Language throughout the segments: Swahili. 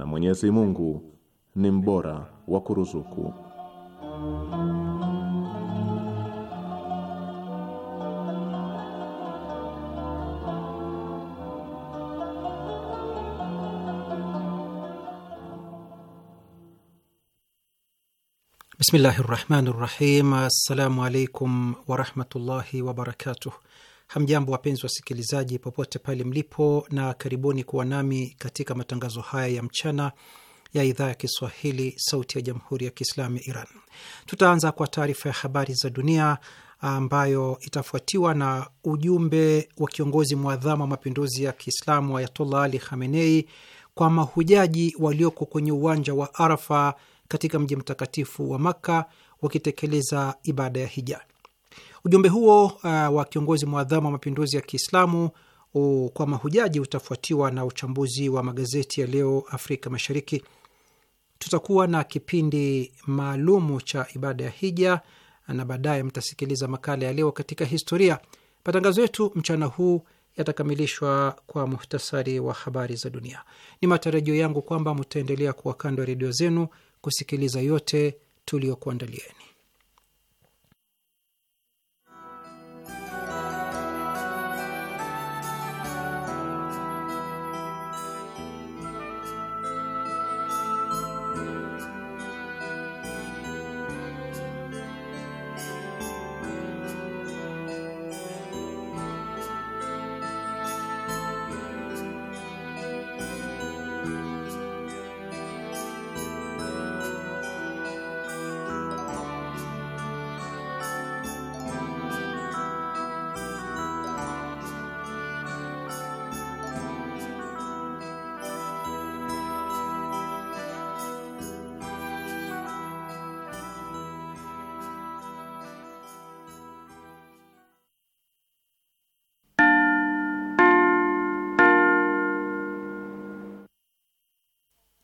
na Mwenyezi Mungu ni mbora wa kuruzuku. Bismillahi rahmani rahim. Assalamu alaikum warahmatullahi wabarakatuh. Hamjambo, wapenzi wasikilizaji, popote pale mlipo, na karibuni kuwa nami katika matangazo haya ya mchana ya idhaa ya Kiswahili, Sauti ya Jamhuri ya Kiislamu ya Iran. Tutaanza kwa taarifa ya habari za dunia ambayo itafuatiwa na ujumbe wa kiongozi mwadhama wa mapinduzi ya Kiislamu Ayatollah Ali Khamenei kwa mahujaji walioko kwenye uwanja wa Arafa katika mji mtakatifu wa Makka wakitekeleza ibada ya hija. Ujumbe huo uh, wa kiongozi mwadhamu wa mapinduzi ya Kiislamu uh, kwa mahujaji utafuatiwa na uchambuzi wa magazeti ya leo Afrika Mashariki. Tutakuwa na kipindi maalumu cha ibada ya hija na baadaye mtasikiliza makala ya leo katika historia. Matangazo yetu mchana huu yatakamilishwa kwa muhtasari wa habari za dunia. Ni matarajio yangu kwamba mtaendelea kuwa kando ya redio zenu kusikiliza yote tuliyokuandalieni.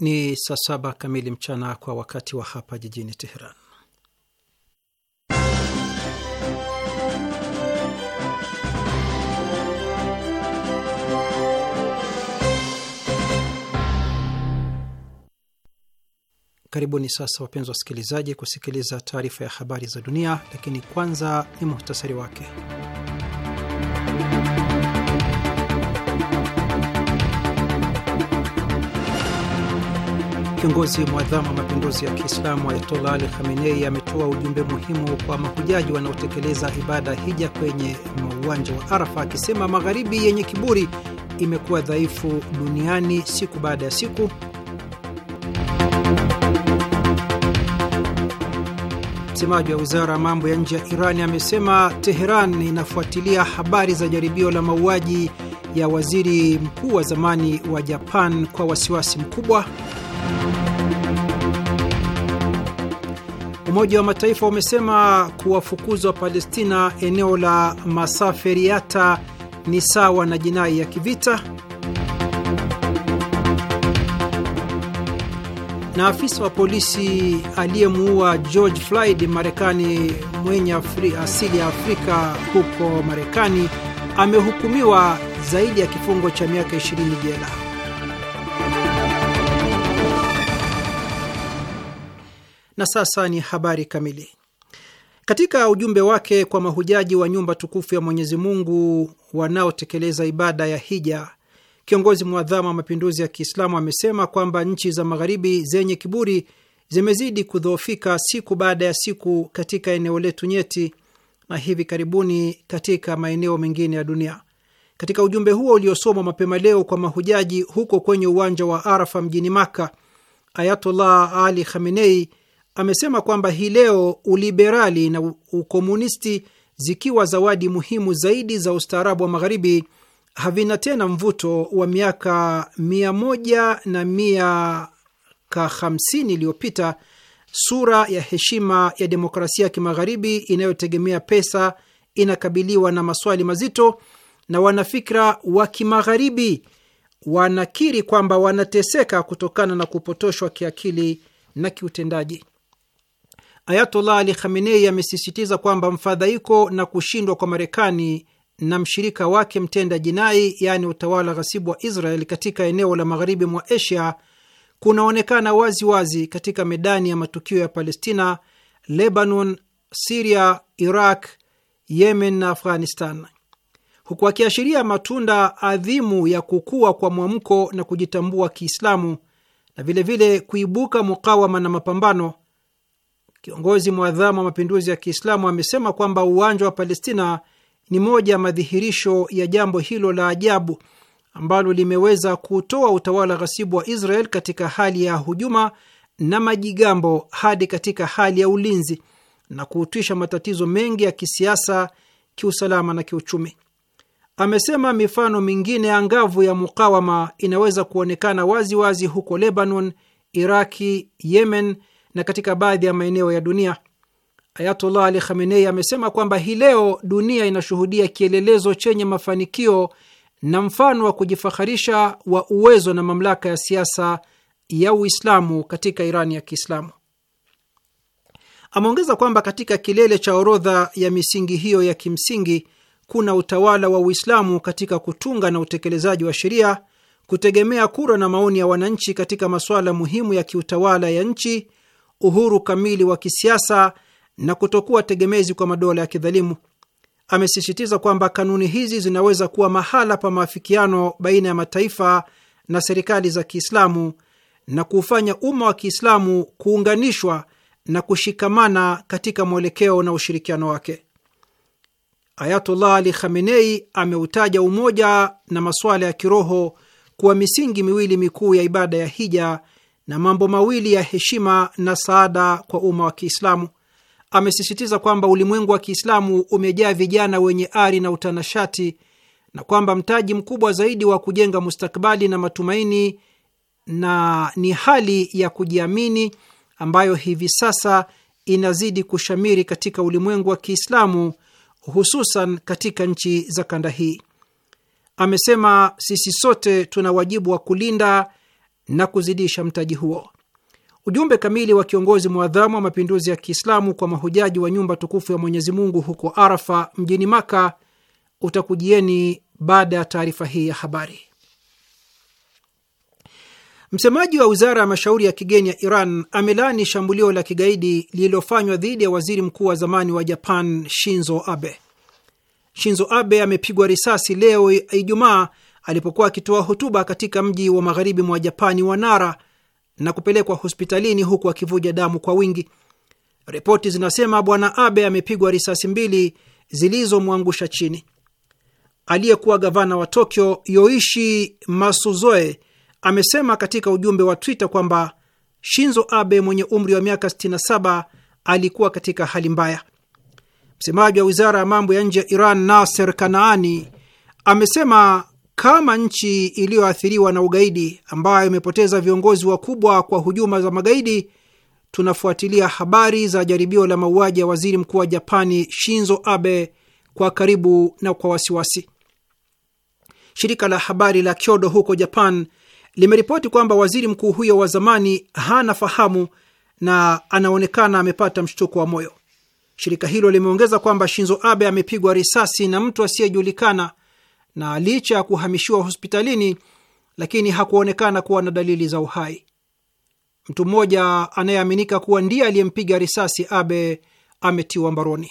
Ni saa saba kamili mchana kwa wakati wa hapa jijini Teheran. Karibuni sasa, wapenzi wasikilizaji, kusikiliza taarifa ya habari za dunia, lakini kwanza ni muhtasari wake. Kiongozi mwadhamu wa mapinduzi ya Kiislamu Ayatollah Ali Khamenei ametoa ujumbe muhimu kwa mahujaji wanaotekeleza ibada hija kwenye uwanja wa Arafa, akisema magharibi yenye kiburi imekuwa dhaifu duniani siku baada ya siku. Msemaji wa wizara ya mambo ya nje ya Irani amesema Teheran inafuatilia habari za jaribio la mauaji ya waziri mkuu wa zamani wa Japan kwa wasiwasi mkubwa. Umoja wa Mataifa umesema kuwafukuzwa palestina eneo la Masaferiata ni sawa na jinai ya kivita. Na afisa wa polisi aliyemuua George Floyd Marekani mwenye afri, asili ya Afrika huko Marekani amehukumiwa zaidi ya kifungo cha miaka 20 jela. Na sasa ni habari kamili. Katika ujumbe wake kwa mahujaji wa nyumba tukufu ya Mwenyezi Mungu wanaotekeleza ibada ya hija, kiongozi mwadhama wa mapinduzi ya Kiislamu amesema kwamba nchi za magharibi zenye kiburi zimezidi kudhoofika siku baada ya siku katika eneo letu nyeti na hivi karibuni katika maeneo mengine ya dunia. Katika ujumbe huo uliosomwa mapema leo kwa mahujaji huko kwenye uwanja wa Arafa mjini Maka, Ayatollah Ali Khamenei amesema kwamba hii leo uliberali na ukomunisti zikiwa zawadi muhimu zaidi za ustaarabu wa Magharibi havina tena mvuto wa miaka mia moja na miaka hamsini iliyopita, sura ya heshima ya demokrasia ya kimagharibi inayotegemea pesa inakabiliwa na maswali mazito, na wanafikra wa kimagharibi wanakiri kwamba wanateseka kutokana na kupotoshwa kiakili na kiutendaji. Ayatollah Ali Khamenei amesisitiza kwamba mfadhaiko na kushindwa kwa Marekani na mshirika wake mtenda jinai, yaani utawala ghasibu wa Israel katika eneo la magharibi mwa Asia kunaonekana wazi wazi katika medani ya matukio ya Palestina, Lebanon, Siria, Iraq, Yemen na Afghanistan, huku akiashiria matunda adhimu ya kukua kwa mwamko na kujitambua Kiislamu na vilevile kuibuka mukawama na mapambano Kiongozi mwadhamu wa mapinduzi ya Kiislamu amesema kwamba uwanja wa Palestina ni moja ya madhihirisho ya jambo hilo la ajabu ambalo limeweza kutoa utawala ghasibu wa Israel katika hali ya hujuma na majigambo hadi katika hali ya ulinzi na kuhutisha matatizo mengi ya kisiasa, kiusalama na kiuchumi. Amesema mifano mingine angavu ya mukawama inaweza kuonekana waziwazi wazi huko Lebanon, Iraki, Yemen na katika baadhi ya maeneo ya dunia. Ayatullah Ali Khamenei amesema kwamba hii leo dunia inashuhudia kielelezo chenye mafanikio na mfano wa kujifaharisha wa uwezo na mamlaka ya siasa ya Uislamu katika Irani ya Kiislamu. Ameongeza kwamba katika kilele cha orodha ya misingi hiyo ya kimsingi kuna utawala wa Uislamu katika kutunga na utekelezaji wa sheria, kutegemea kura na maoni ya wananchi katika masuala muhimu ya kiutawala ya nchi uhuru kamili wa kisiasa na kutokuwa tegemezi kwa madola ya kidhalimu. Amesisitiza kwamba kanuni hizi zinaweza kuwa mahala pa maafikiano baina ya mataifa na serikali za Kiislamu na kuufanya umma wa Kiislamu kuunganishwa na kushikamana katika mwelekeo na ushirikiano wake. Ayatullah Ali Khamenei ameutaja umoja na masuala ya kiroho kuwa misingi miwili mikuu ya ibada ya hija na mambo mawili ya heshima na saada kwa umma wa Kiislamu. Amesisitiza kwamba ulimwengu wa Kiislamu umejaa vijana wenye ari na utanashati na kwamba mtaji mkubwa zaidi wa kujenga mustakbali na matumaini na ni hali ya kujiamini ambayo hivi sasa inazidi kushamiri katika ulimwengu wa Kiislamu, hususan katika nchi za kanda hii. Amesema sisi sote tuna wajibu wa kulinda na kuzidisha mtaji huo. Ujumbe kamili wa kiongozi mwadhamu wa mapinduzi ya Kiislamu kwa mahujaji wa nyumba tukufu ya Mwenyezi Mungu huko Arafa mjini Maka utakujieni baada ya taarifa hii ya habari. Msemaji wa wizara ya mashauri ya kigeni ya Iran amelaani shambulio la kigaidi lililofanywa dhidi ya waziri mkuu wa zamani wa Japan Shinzo Abe. Shinzo Abe amepigwa risasi leo Ijumaa alipokuwa akitoa hotuba katika mji wa magharibi mwa Japani wa Nara na kupelekwa hospitalini huku akivuja damu kwa wingi. Ripoti zinasema Bwana Abe amepigwa risasi mbili zilizomwangusha chini. Aliyekuwa gavana wa Tokyo Yoishi Masuzoe amesema katika ujumbe wa Twitter kwamba Shinzo Abe mwenye umri wa miaka 67 alikuwa katika hali mbaya. Msemaji wa wizara ya mambo ya nje ya Iran Naser Kanaani amesema kama nchi iliyoathiriwa na ugaidi ambayo imepoteza viongozi wakubwa kwa hujuma za magaidi, tunafuatilia habari za jaribio la mauaji ya waziri mkuu wa Japani Shinzo Abe kwa karibu na kwa wasiwasi. Shirika la habari la Kyodo huko Japan limeripoti kwamba waziri mkuu huyo wa zamani hana fahamu na anaonekana amepata mshtuko wa moyo. Shirika hilo limeongeza kwamba Shinzo Abe amepigwa risasi na mtu asiyejulikana na licha ya kuhamishiwa hospitalini, lakini hakuonekana kuwa na dalili za uhai. Mtu mmoja anayeaminika kuwa ndiye aliyempiga risasi Abe ametiwa mbaroni.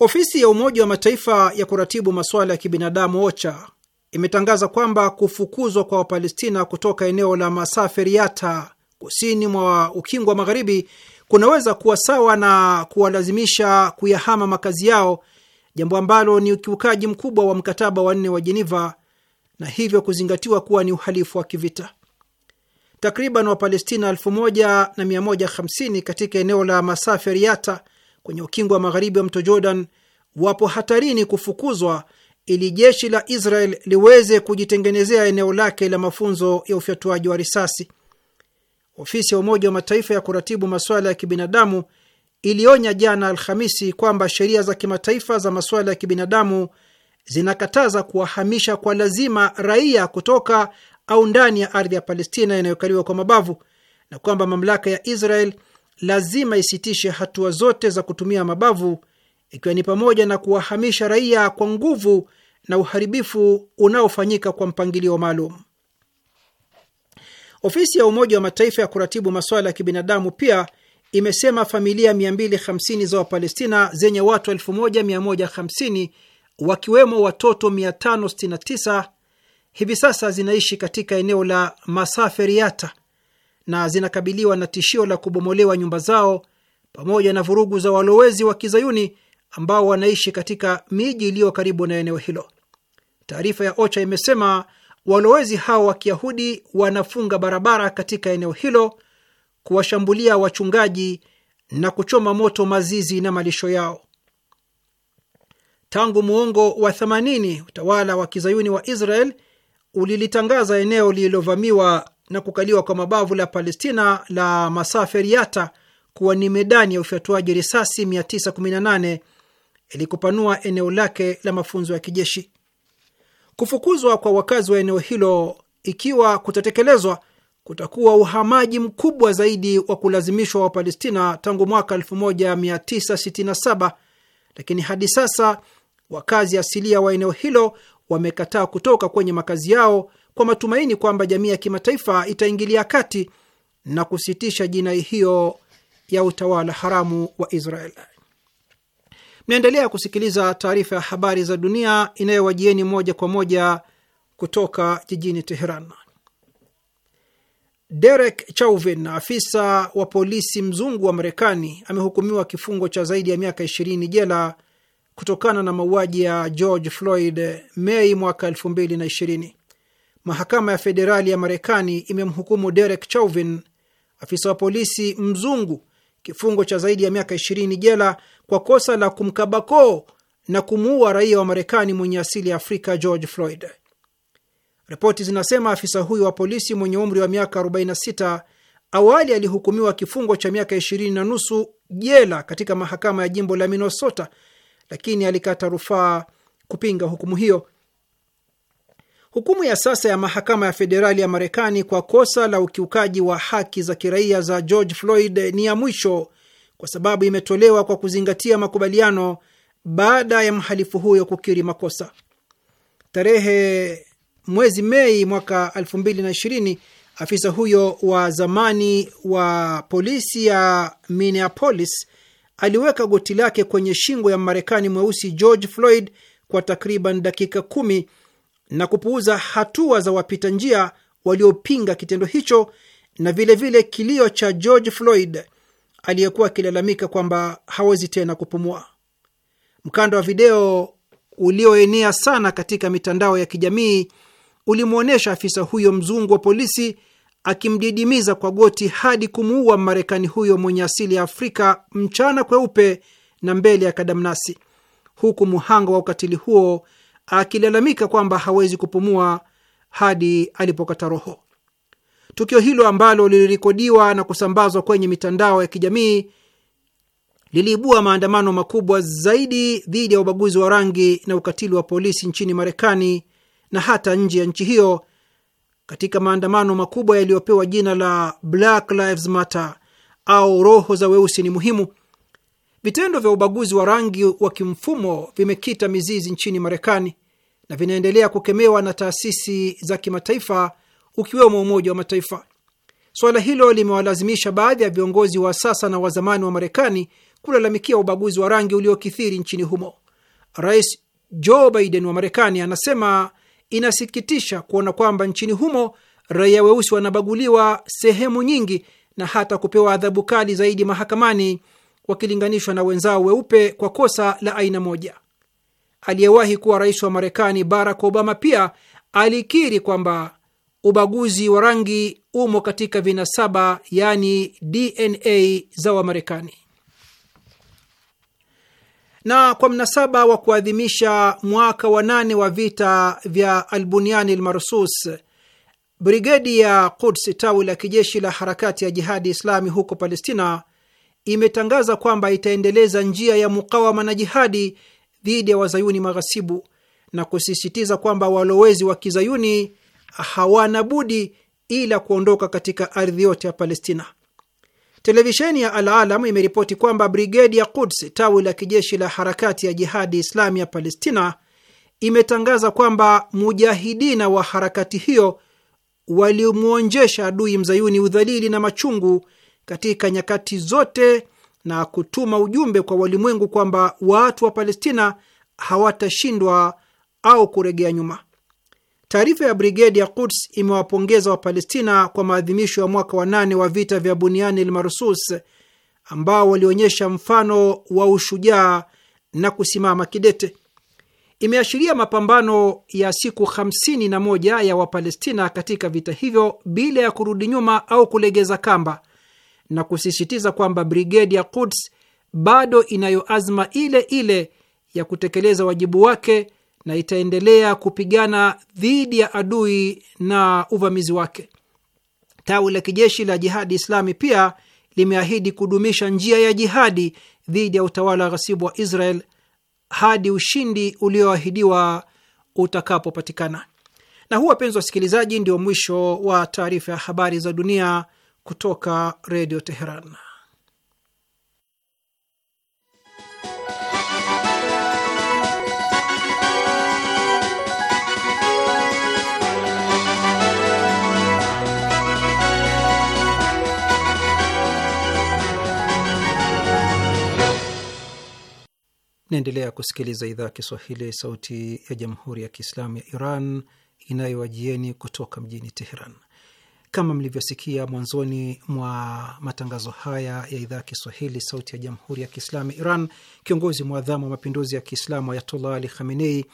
Ofisi ya Umoja wa Mataifa ya kuratibu masuala ya kibinadamu OCHA imetangaza kwamba kufukuzwa kwa Wapalestina kutoka eneo la Masaferiata kusini mwa Ukingo wa Magharibi kunaweza kuwa sawa na kuwalazimisha kuyahama makazi yao jambo ambalo ni ukiukaji mkubwa wa mkataba wa nne wa jeniva na hivyo kuzingatiwa kuwa ni uhalifu wa kivita. Takriban Wapalestina 1150 katika eneo la Masafa Riata kwenye ukingo wa magharibi wa mto Jordan wapo hatarini kufukuzwa ili jeshi la Israel liweze kujitengenezea eneo lake la mafunzo ya ufyatuaji wa risasi. Ofisi ya Umoja wa Mataifa ya kuratibu masuala ya kibinadamu ilionya jana Alhamisi kwamba sheria za kimataifa za masuala ya kibinadamu zinakataza kuwahamisha kwa lazima raia kutoka au ndani ya ardhi ya Palestina inayokaliwa kwa mabavu na kwamba mamlaka ya Israel lazima isitishe hatua zote za kutumia mabavu ikiwa ni pamoja na kuwahamisha raia kwa nguvu na uharibifu unaofanyika kwa mpangilio maalum. Ofisi ya Umoja wa Mataifa ya kuratibu masuala ya kibinadamu pia imesema familia 250 za Wapalestina zenye watu 1150 wakiwemo watoto 569 hivi sasa zinaishi katika eneo la Masaferiata na zinakabiliwa na tishio la kubomolewa nyumba zao pamoja na vurugu za walowezi wa kizayuni ambao wanaishi katika miji iliyo karibu na eneo hilo. Taarifa ya OCHA imesema walowezi hao wa kiyahudi wanafunga barabara katika eneo hilo kuwashambulia wachungaji na kuchoma moto mazizi na malisho yao. Tangu muongo wa 80 utawala wa kizayuni wa Israel ulilitangaza eneo lililovamiwa na kukaliwa kwa mabavu la Palestina la Masaferiata kuwa ni medani ya ufyatuaji risasi 918 ili kupanua eneo lake la mafunzo ya kijeshi. Kufukuzwa kwa wakazi wa eneo hilo ikiwa kutatekelezwa kutakuwa uhamaji mkubwa zaidi wa kulazimishwa Wapalestina tangu mwaka 1967 lakini hadi sasa wakazi asilia wa eneo hilo wamekataa kutoka kwenye makazi yao kwa matumaini kwamba jamii ya kimataifa itaingilia kati na kusitisha jinai hiyo ya utawala haramu wa Israel. Mnaendelea kusikiliza taarifa ya habari za dunia inayowajieni moja kwa moja kutoka jijini Teheran. Derek Chauvin, afisa wa polisi mzungu wa Marekani, amehukumiwa kifungo cha zaidi ya miaka 20 jela kutokana na mauaji ya George Floyd Mei mwaka 2020. Mahakama ya federali ya Marekani imemhukumu Derek Chauvin, afisa wa polisi mzungu, kifungo cha zaidi ya miaka 20 jela kwa kosa la kumkabako na kumuua raia wa Marekani mwenye asili ya Afrika George Floyd. Ripoti zinasema afisa huyo wa polisi mwenye umri wa miaka 46 awali alihukumiwa kifungo cha miaka 2 na nusu jela katika mahakama ya jimbo la Minnesota, lakini alikata rufaa kupinga hukumu hiyo. Hukumu ya sasa ya mahakama ya federali ya Marekani kwa kosa la ukiukaji wa haki za kiraia za George Floyd ni ya mwisho kwa sababu imetolewa kwa kuzingatia makubaliano baada ya mhalifu huyo kukiri makosa. Tarehe mwezi Mei mwaka 2020, afisa huyo wa zamani wa polisi ya Minneapolis aliweka goti lake kwenye shingo ya Marekani mweusi George Floyd kwa takriban dakika kumi na kupuuza hatua za wapita njia waliopinga kitendo hicho na vilevile vile kilio cha George Floyd aliyekuwa akilalamika kwamba hawezi tena kupumua. Mkanda wa video ulioenea sana katika mitandao ya kijamii ulimwonyesha afisa huyo mzungu wa polisi akimdidimiza kwa goti hadi kumuua marekani huyo mwenye asili ya Afrika mchana kweupe na mbele ya kadamnasi, huku muhanga wa ukatili huo akilalamika kwamba hawezi kupumua hadi alipokata roho. Tukio hilo ambalo lilirekodiwa na kusambazwa kwenye mitandao ya kijamii liliibua maandamano makubwa zaidi dhidi ya ubaguzi wa rangi na ukatili wa polisi nchini Marekani na hata nje ya nchi hiyo katika maandamano makubwa yaliyopewa jina la Black Lives Matter au roho za weusi ni muhimu. Vitendo vya ubaguzi wa rangi wa kimfumo vimekita mizizi nchini Marekani na vinaendelea kukemewa na taasisi za kimataifa ukiwemo Umoja wa Mataifa. Suala hilo limewalazimisha baadhi ya viongozi wa sasa na wa zamani wa Marekani kulalamikia ubaguzi wa rangi uliokithiri nchini humo. Rais Joe Biden wa Marekani anasema Inasikitisha kuona kwamba nchini humo raia weusi wanabaguliwa sehemu nyingi na hata kupewa adhabu kali zaidi mahakamani wakilinganishwa na wenzao weupe kwa kosa la aina moja. Aliyewahi kuwa rais wa Marekani Barack Obama pia alikiri kwamba ubaguzi wa rangi umo katika vinasaba, yaani DNA za Wamarekani na kwa mnasaba wa kuadhimisha mwaka wa nane wa vita vya albuniani Lmarsus, brigedi ya Quds, tawi la kijeshi la harakati ya Jihadi Islami huko Palestina, imetangaza kwamba itaendeleza njia ya mukawama na jihadi dhidi ya wazayuni maghasibu na kusisitiza kwamba walowezi wa kizayuni hawana budi ila kuondoka katika ardhi yote ya Palestina. Televisheni ya alalam imeripoti kwamba brigedi ya Quds, tawi la kijeshi la harakati ya Jihadi Islami ya Palestina, imetangaza kwamba mujahidina wa harakati hiyo walimwonjesha adui mzayuni udhalili na machungu katika nyakati zote na kutuma ujumbe kwa walimwengu kwamba watu wa Palestina hawatashindwa au kuregea nyuma. Taarifa ya brigedi ya Quds imewapongeza Wapalestina kwa maadhimisho ya mwaka wa nane wa vita vya Buniani Elmarsus, ambao walionyesha mfano wa ushujaa na kusimama kidete. Imeashiria mapambano ya siku 51 ya Wapalestina katika vita hivyo bila ya kurudi nyuma au kulegeza kamba, na kusisitiza kwamba brigedi ya Quds bado inayo azma ile ile ya kutekeleza wajibu wake na itaendelea kupigana dhidi ya adui na uvamizi wake. Tawi la kijeshi la Jihadi Islami pia limeahidi kudumisha njia ya jihadi dhidi ya utawala wa ghasibu wa Israel hadi ushindi ulioahidiwa utakapopatikana. Na huu, wapenzi wasikilizaji, ndio mwisho wa taarifa ya habari za dunia kutoka Redio Teheran. Naendelea kusikiliza idhaa ya Kiswahili, sauti ya jamhuri ya kiislamu ya Iran inayowajieni kutoka mjini Teheran. Kama mlivyosikia mwanzoni mwa matangazo haya ya idhaa ya Kiswahili, sauti ya jamhuri ya kiislamu ya Iran, kiongozi mwadhamu wa mapinduzi ya Kiislamu Ayatollah Ali Khamenei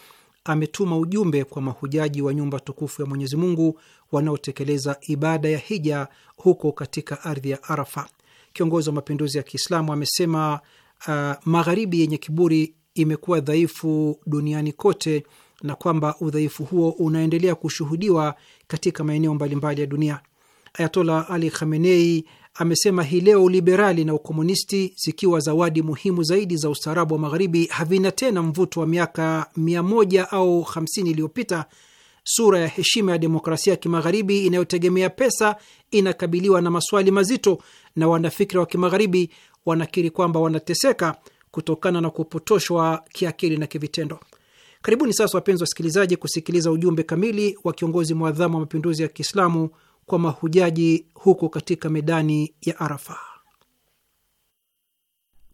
ametuma ujumbe kwa mahujaji wa nyumba tukufu ya Mwenyezi Mungu wanaotekeleza ibada ya hija huko katika ardhi ya Arafa. Kiongozi wa mapinduzi ya Kiislamu amesema uh, magharibi yenye kiburi imekuwa dhaifu duniani kote na kwamba udhaifu huo unaendelea kushuhudiwa katika maeneo mbalimbali ya dunia. Ayatola Ali Khamenei amesema hii leo uliberali na ukomunisti zikiwa zawadi muhimu zaidi za ustaarabu wa magharibi havina tena mvuto wa miaka mia moja au hamsini iliyopita. Sura ya heshima ya demokrasia ya kimagharibi inayotegemea pesa inakabiliwa na maswali mazito, na wanafikira wa kimagharibi wanakiri kwamba wanateseka kutokana na kupotoshwa kiakili na kivitendo. Karibuni sasa, wapenzi wasikilizaji, kusikiliza ujumbe kamili wa kiongozi mwadhamu wa mapinduzi ya Kiislamu kwa mahujaji huko katika medani ya Arafa.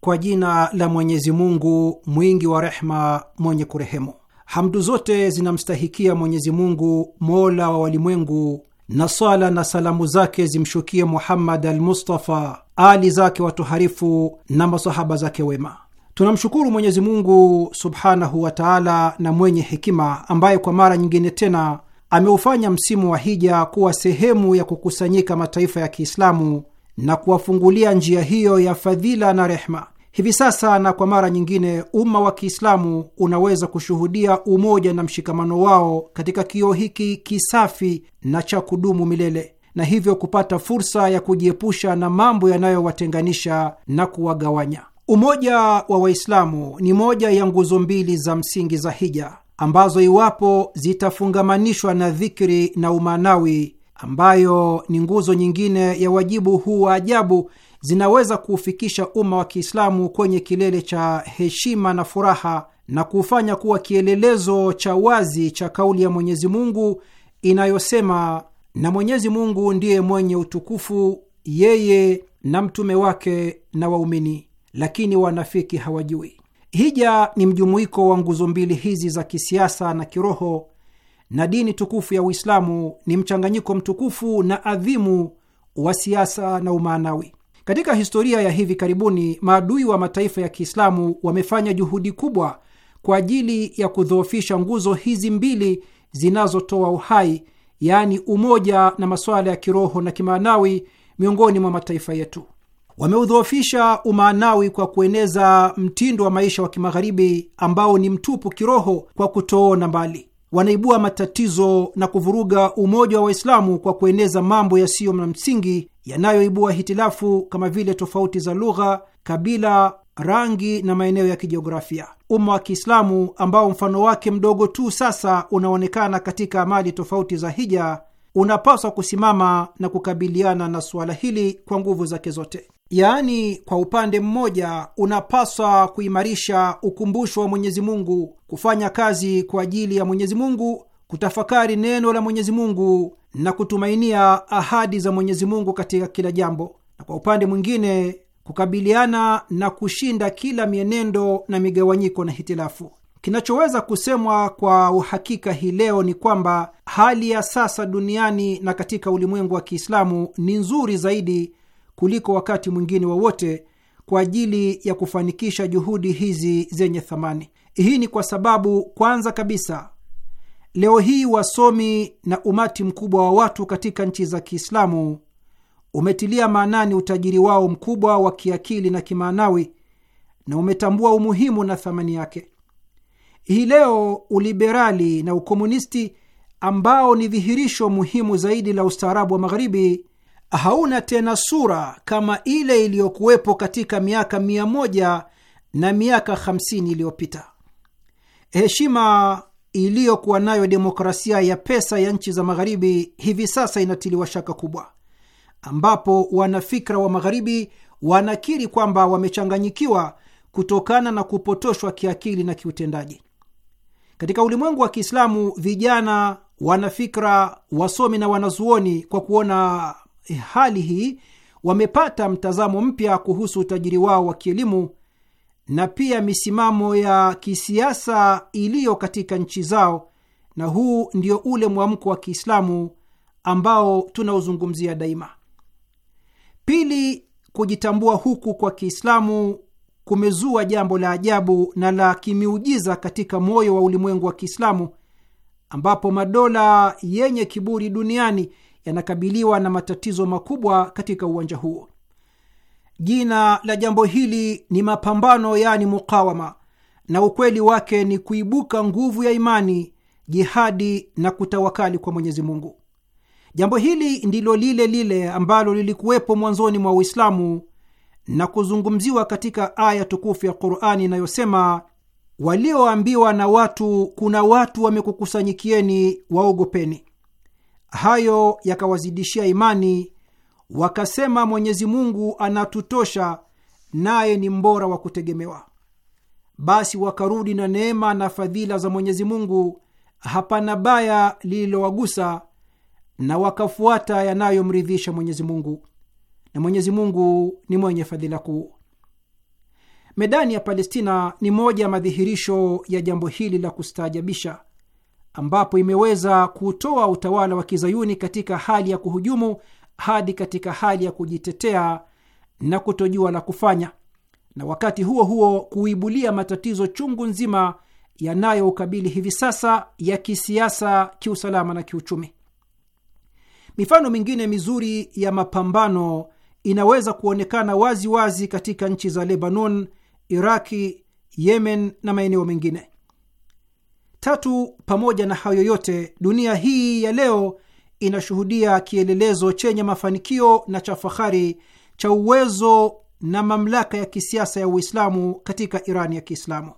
Kwa jina la Mwenyezi Mungu mwingi wa rehma, mwenye kurehemu. Hamdu zote zinamstahikia Mwenyezi Mungu, mola wa walimwengu, na swala na salamu zake zimshukie Muhammad al Mustafa ali zake watoharifu na masahaba zake wema. Tunamshukuru Mwenyezi Mungu subhanahu wa taala, na mwenye hekima ambaye kwa mara nyingine tena ameufanya msimu wa hija kuwa sehemu ya kukusanyika mataifa ya Kiislamu na kuwafungulia njia hiyo ya fadhila na rehma. Hivi sasa na kwa mara nyingine, umma wa Kiislamu unaweza kushuhudia umoja na mshikamano wao katika kioo hiki kisafi na cha kudumu milele na hivyo kupata fursa ya kujiepusha na mambo yanayowatenganisha na kuwagawanya. Umoja wa Waislamu ni moja ya nguzo mbili za msingi za hija ambazo iwapo zitafungamanishwa na dhikri na umanawi, ambayo ni nguzo nyingine ya wajibu huu wa ajabu, zinaweza kuufikisha umma wa Kiislamu kwenye kilele cha heshima na furaha na kuufanya kuwa kielelezo cha wazi cha kauli ya Mwenyezi Mungu inayosema na Mwenyezi Mungu ndiye mwenye utukufu, yeye na mtume wake na waumini, lakini wanafiki hawajui. Hija ni mjumuiko wa nguzo mbili hizi za kisiasa na kiroho, na dini tukufu ya Uislamu ni mchanganyiko mtukufu na adhimu wa siasa na umaanawi. Katika historia ya hivi karibuni, maadui wa mataifa ya Kiislamu wamefanya juhudi kubwa kwa ajili ya kudhoofisha nguzo hizi mbili zinazotoa uhai yaani umoja na masuala ya kiroho na kimaanawi miongoni mwa mataifa yetu. Wameudhoofisha umaanawi kwa kueneza mtindo wa maisha wa kimagharibi ambao ni mtupu kiroho kwa kutoona mbali. Wanaibua matatizo na kuvuruga umoja wa Waislamu kwa kueneza mambo yasiyo na msingi yanayoibua hitilafu kama vile tofauti za lugha, kabila, rangi na maeneo ya kijiografia. Umma wa Kiislamu ambao mfano wake mdogo tu sasa unaonekana katika amali tofauti za hija, unapaswa kusimama na kukabiliana na suala hili kwa nguvu zake zote. Yaani, kwa upande mmoja unapaswa kuimarisha ukumbusho wa Mwenyezi Mungu, kufanya kazi kwa ajili ya Mwenyezi Mungu, kutafakari neno la Mwenyezi Mungu na kutumainia ahadi za Mwenyezi Mungu katika kila jambo, na kwa upande mwingine kukabiliana na kushinda kila mienendo na migawanyiko na hitilafu. Kinachoweza kusemwa kwa uhakika hii leo ni kwamba hali ya sasa duniani na katika ulimwengu wa Kiislamu ni nzuri zaidi kuliko wakati mwingine wowote wa kwa ajili ya kufanikisha juhudi hizi zenye thamani. Hii ni kwa sababu, kwanza kabisa, leo hii wasomi na umati mkubwa wa watu katika nchi za Kiislamu umetilia maanani utajiri wao mkubwa wa kiakili na kimaanawi na umetambua umuhimu na thamani yake. Hii leo uliberali na ukomunisti ambao ni dhihirisho muhimu zaidi la ustaarabu wa Magharibi hauna tena sura kama ile iliyokuwepo katika miaka mia moja na miaka hamsini iliyopita. Heshima iliyokuwa nayo demokrasia ya pesa ya nchi za Magharibi hivi sasa inatiliwa shaka kubwa ambapo wanafikra wa Magharibi wanakiri kwamba wamechanganyikiwa kutokana na kupotoshwa kiakili na kiutendaji. Katika ulimwengu wa Kiislamu, vijana wanafikra, wasomi na wanazuoni, kwa kuona eh, hali hii, wamepata mtazamo mpya kuhusu utajiri wao wa kielimu na pia misimamo ya kisiasa iliyo katika nchi zao, na huu ndio ule mwamko wa Kiislamu ambao tunaozungumzia daima. Pili, kujitambua huku kwa Kiislamu kumezua jambo la ajabu na la kimiujiza katika moyo wa ulimwengu wa Kiislamu, ambapo madola yenye kiburi duniani yanakabiliwa na matatizo makubwa katika uwanja huo. Jina la jambo hili ni mapambano, yaani mukawama, na ukweli wake ni kuibuka nguvu ya imani, jihadi na kutawakali kwa Mwenyezi Mungu. Jambo hili ndilo lile lile ambalo lilikuwepo mwanzoni mwa Uislamu na kuzungumziwa katika aya tukufu ya Qurani inayosema, walioambiwa na watu kuna watu wamekukusanyikieni, waogopeni. Hayo yakawazidishia imani, wakasema Mwenyezi Mungu anatutosha, naye ni mbora wa kutegemewa. Basi wakarudi na neema na fadhila za Mwenyezi Mungu, hapana baya lililowagusa na wakafuata yanayomridhisha Mwenyezi Mungu, na Mwenyezi Mungu ni mwenye fadhila kuu. Medani ya Palestina ni moja ya madhihirisho ya jambo hili la kustaajabisha, ambapo imeweza kutoa utawala wa kizayuni katika hali ya kuhujumu hadi katika hali ya kujitetea na kutojua la kufanya, na wakati huo huo kuibulia matatizo chungu nzima yanayoukabili hivi sasa ya kisiasa, kiusalama na kiuchumi. Mifano mingine mizuri ya mapambano inaweza kuonekana wazi wazi katika nchi za Lebanon, Iraki, Yemen na maeneo mengine. Tatu, pamoja na hayo yote, dunia hii ya leo inashuhudia kielelezo chenye mafanikio na cha fahari cha uwezo na mamlaka ya kisiasa ya Uislamu katika Irani ya Kiislamu.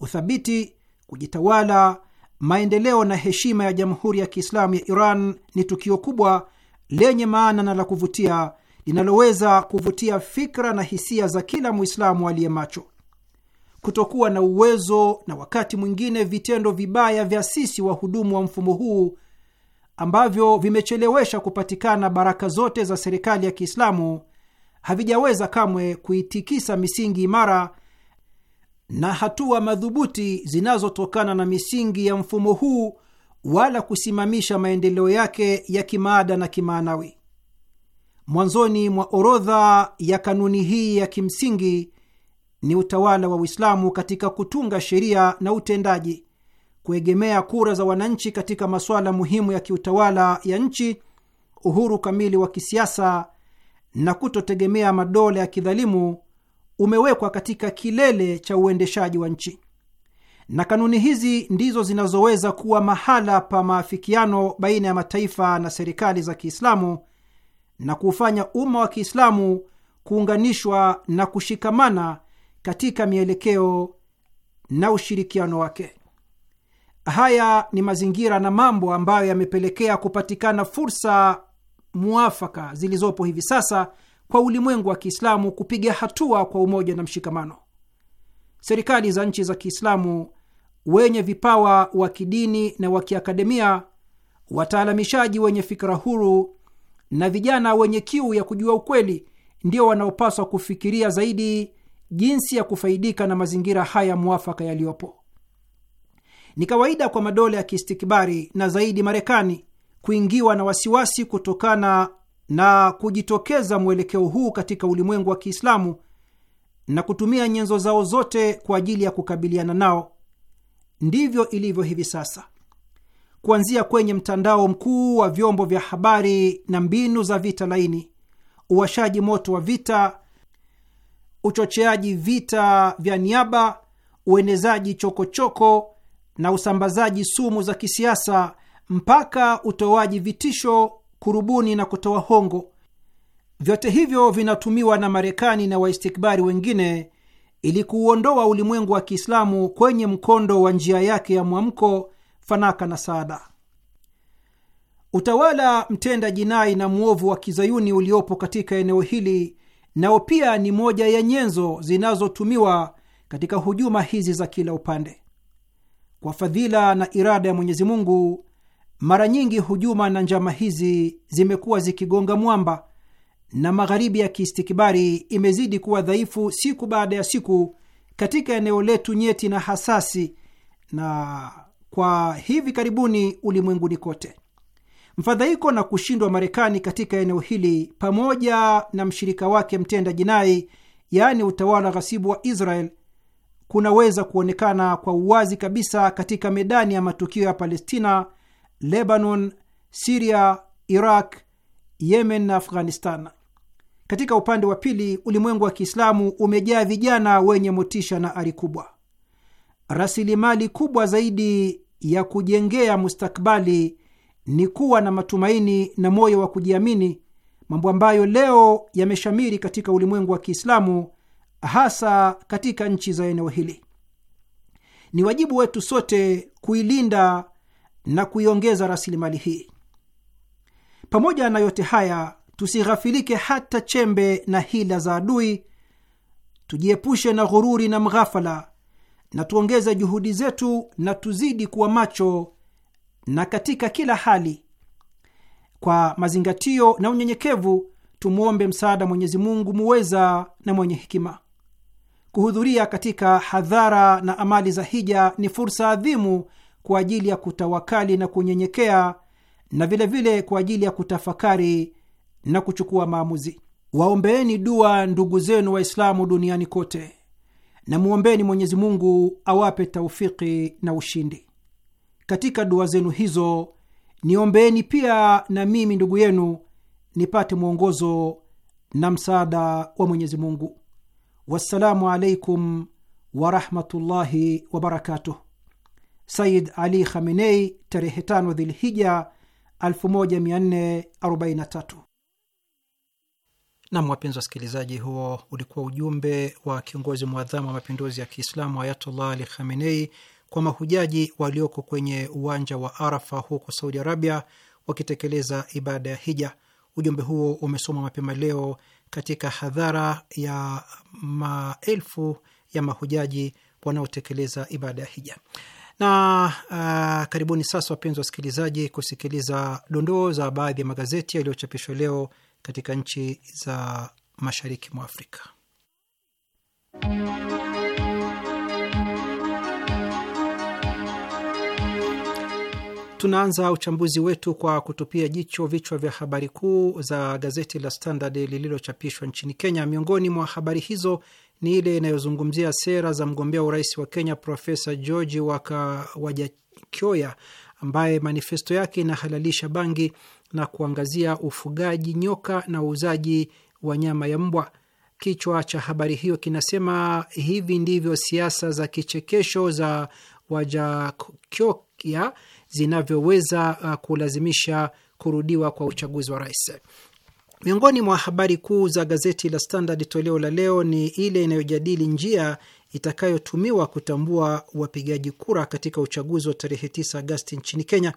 Uthabiti, kujitawala maendeleo na heshima ya Jamhuri ya Kiislamu ya Iran ni tukio kubwa lenye maana na la kuvutia linaloweza kuvutia fikra na hisia za kila Mwislamu aliye macho. Kutokuwa na uwezo na wakati mwingine vitendo vibaya vya sisi wahudumu wa mfumo huu ambavyo vimechelewesha kupatikana baraka zote za serikali ya Kiislamu havijaweza kamwe kuitikisa misingi imara na hatua madhubuti zinazotokana na misingi ya mfumo huu wala kusimamisha maendeleo yake ya kimaada na kimaanawi. Mwanzoni mwa orodha ya kanuni hii ya kimsingi ni utawala wa Uislamu katika kutunga sheria na utendaji, kuegemea kura za wananchi katika masuala muhimu ya kiutawala ya nchi, uhuru kamili wa kisiasa na kutotegemea madola ya kidhalimu umewekwa katika kilele cha uendeshaji wa nchi, na kanuni hizi ndizo zinazoweza kuwa mahala pa maafikiano baina ya mataifa na serikali za Kiislamu na kuufanya umma wa Kiislamu kuunganishwa na kushikamana katika mielekeo na ushirikiano wake. Haya ni mazingira na mambo ambayo yamepelekea kupatikana fursa muafaka zilizopo hivi sasa kwa ulimwengu wa Kiislamu kupiga hatua kwa umoja na mshikamano. Serikali za nchi za Kiislamu, wenye vipawa wa kidini na wa kiakademia, wataalamishaji wenye fikra huru na vijana wenye kiu ya kujua ukweli ndio wanaopaswa kufikiria zaidi jinsi ya kufaidika na mazingira haya mwafaka yaliyopo. Ni kawaida kwa madola ya kiistikibari na zaidi Marekani kuingiwa na wasiwasi kutokana na kujitokeza mwelekeo huu katika ulimwengu wa Kiislamu na kutumia nyenzo zao zote kwa ajili ya kukabiliana nao. Ndivyo ilivyo hivi sasa, kuanzia kwenye mtandao mkuu wa vyombo vya habari na mbinu za vita laini, uwashaji moto wa vita, uchocheaji vita vya niaba, uenezaji chokochoko -choko, na usambazaji sumu za kisiasa mpaka utoaji vitisho kurubuni na kutoa hongo. Vyote hivyo vinatumiwa na Marekani na waistikbari wengine ili kuuondoa ulimwengu wa Kiislamu kwenye mkondo wa njia yake ya mwamko, fanaka na saada. Utawala mtenda jinai na mwovu wa kizayuni uliopo katika eneo hili nao pia ni moja ya nyenzo zinazotumiwa katika hujuma hizi za kila upande. Kwa fadhila na irada ya Mwenyezi Mungu, mara nyingi hujuma na njama hizi zimekuwa zikigonga mwamba na magharibi ya kiistikibari imezidi kuwa dhaifu siku baada ya siku katika eneo letu nyeti na hasasi na kwa hivi karibuni ulimwenguni kote. Mfadhaiko na kushindwa Marekani katika eneo hili pamoja na mshirika wake mtenda jinai, yaani utawala ghasibu wa Israel kunaweza kuonekana kwa uwazi kabisa katika medani ya matukio ya Palestina Lebanon, Siria, Iraq, Yemen na Afghanistan. Katika upande wa pili, ulimwengu wa Kiislamu umejaa vijana wenye motisha na ari kubwa. Rasilimali kubwa zaidi ya kujengea mustakbali ni kuwa na matumaini na moyo wa kujiamini, mambo ambayo leo yameshamiri katika ulimwengu wa Kiislamu, hasa katika nchi za eneo hili. Ni wajibu wetu sote kuilinda na kuiongeza rasilimali hii. Pamoja na yote haya, tusighafilike hata chembe na hila za adui, tujiepushe na ghururi na mghafala, na tuongeze juhudi zetu na tuzidi kuwa macho na katika kila hali kwa mazingatio na unyenyekevu tumwombe msaada Mwenyezi Mungu muweza na mwenye hikima. Kuhudhuria katika hadhara na amali za hija ni fursa adhimu kwa ajili ya kutawakali na kunyenyekea na vilevile vile kwa ajili ya kutafakari na kuchukua maamuzi. Waombeeni dua ndugu zenu Waislamu duniani kote na muombeni Mwenyezi Mungu awape taufiki na ushindi. Katika dua zenu hizo niombeeni pia na mimi ndugu yenu nipate mwongozo na msaada wa Mwenyezi Mungu. Wassalamu alaikum warahmatullahi wabarakatuh. Said Ali Khamenei tarehe 5 Dhilhija 1443. Nam, wapenzi wasikilizaji, huo ulikuwa ujumbe wa kiongozi mwadhamu wa mapinduzi ya Kiislamu Ayatullah Ali Khamenei kwa mahujaji walioko kwenye uwanja wa Arafa huko Saudi Arabia wakitekeleza ibada ya hija. Ujumbe huo umesomwa mapema leo katika hadhara ya maelfu ya mahujaji wanaotekeleza ibada ya hija na uh, karibuni sasa wapenzi wasikilizaji, kusikiliza dondoo za baadhi ya magazeti yaliyochapishwa leo katika nchi za mashariki mwa Afrika. Tunaanza uchambuzi wetu kwa kutupia jicho vichwa vya habari kuu za gazeti la Standard lililochapishwa nchini Kenya. Miongoni mwa habari hizo ni ile inayozungumzia sera za mgombea urais wa Kenya Profesa George Wajakoya ambaye manifesto yake inahalalisha bangi na kuangazia ufugaji nyoka na uuzaji wa nyama ya mbwa. Kichwa cha habari hiyo kinasema hivi ndivyo siasa za kichekesho za Wajakoya zinavyoweza uh, kulazimisha kurudiwa kwa uchaguzi wa rais. Miongoni mwa habari kuu za gazeti la Standard toleo la leo ni ile inayojadili njia itakayotumiwa kutambua wapigaji kura katika uchaguzi wa tarehe 9 Agasti nchini Kenya.